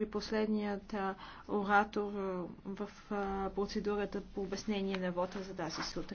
би последният оратор в процедурата по обяснение на вота за тази сутрин.